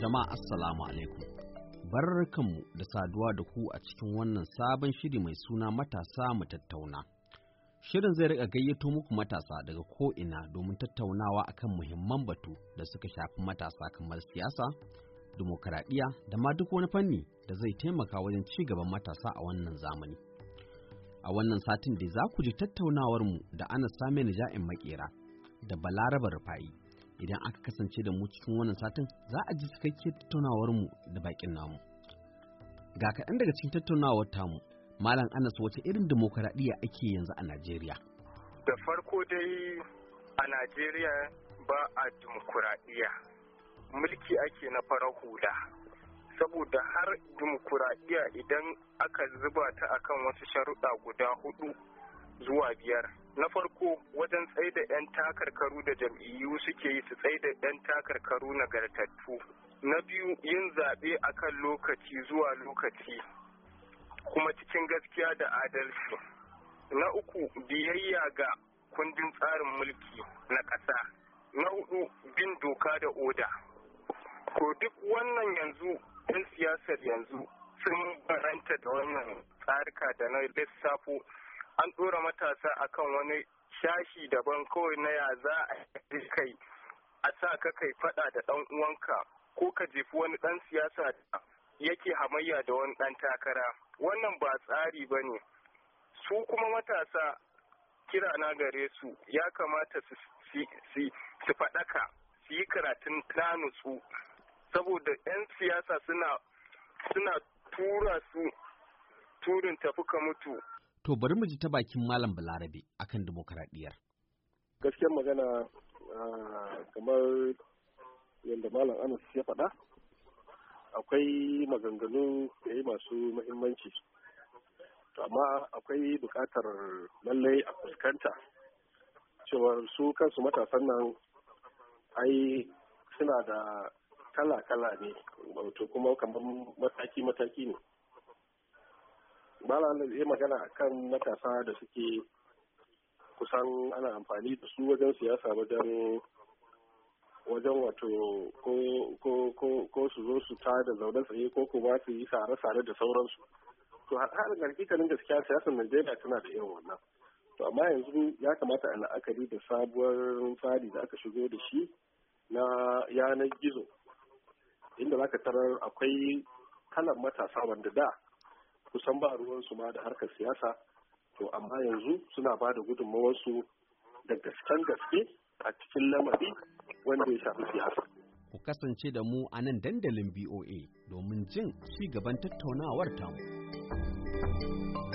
Jama'a Assalamu alaikum. Barkanmu da saduwa da ku a cikin wannan sabon shiri mai suna matasa mu tattauna. Shirin zai rika gayyato muku matasa daga ko'ina domin tattaunawa akan muhimman batu da suka shafi matasa kamar siyasa, dimokuraɗiyya da ma duk wani fanni da zai taimaka wajen ci gaban matasa a wannan zamani. A wannan satin da za ku ji mu da Anas Sami Naja'in Makera da Balaraba Rufa'i. idan aka kasance da mu cikin wannan satin za a ji cikakke tattaunawar mu da bakin namu ga kaɗan daga cikin tattaunawar tamu malam anas wace irin dimokuraɗiyya ake yanzu a najeriya da farko dai a najeriya ba a dimokuraɗiyya mulki ake na farar hula saboda har dimokuraɗiyya idan aka zuba ta akan wasu sharuɗa guda hudu zuwa biyar na farko wajen tsaida 'yan takarkaru da jam'iyyu suke yi su tsaida 'yan takarkaru nagartattu na biyu yin zaɓe a kan lokaci zuwa lokaci kuma cikin gaskiya da adalci na uku biyayya ga kundin tsarin mulki na ƙasa na hudu bin doka da oda ko duk wannan yanzu 'yan siyasar yanzu sun baranta da wannan tsarika da na lissafo an ɗora matasa akan wani shashi daban kawai na ya za a yi kai a sa ka kai faɗa da ɗan uwanka ko ka jefi wani ɗan siyasa da yake hamayya da wani ɗan takara wannan ba tsari ba ne su kuma matasa kira na gare su ya kamata su faɗaka su yi karatun na nutsu saboda 'yan siyasa suna tura su turin tafi ka mutu To bari mu ji ta bakin Malam Balarabe akan dimokuraɗiyar. Gaskiyar magana kamar yadda Malam Anas ya faɗa akwai maganganu da yi masu mahimmanci. amma akwai buƙatar lallai a fuskanta cewa su kansu matasan nan ai suna da kala-kala ne wato kuma kamar mataki-mataki ne malam zai magana kan matasa da suke kusan ana amfani da su wajen siyasa wajen wajen wato ko su zo su ta da zaune tsaye ko kuma su yi sare-sare da sauransu to harin hakikanin gaskiya siyasar najeriya tana da irin wannan to amma yanzu ya kamata a la'akari da sabuwar tsari da aka shigo da shi na yanar gizo inda za ka tarar akwai kalan matasa wanda da kusan ba ruwan su ma da harkar siyasa to amma yanzu suna ba da gudunmawarsu da gaskan gaske a cikin lamari wanda ya shafi siyasa. Ku kasance da mu a nan dandalin BOA domin jin ci gaban tattaunawar tamu.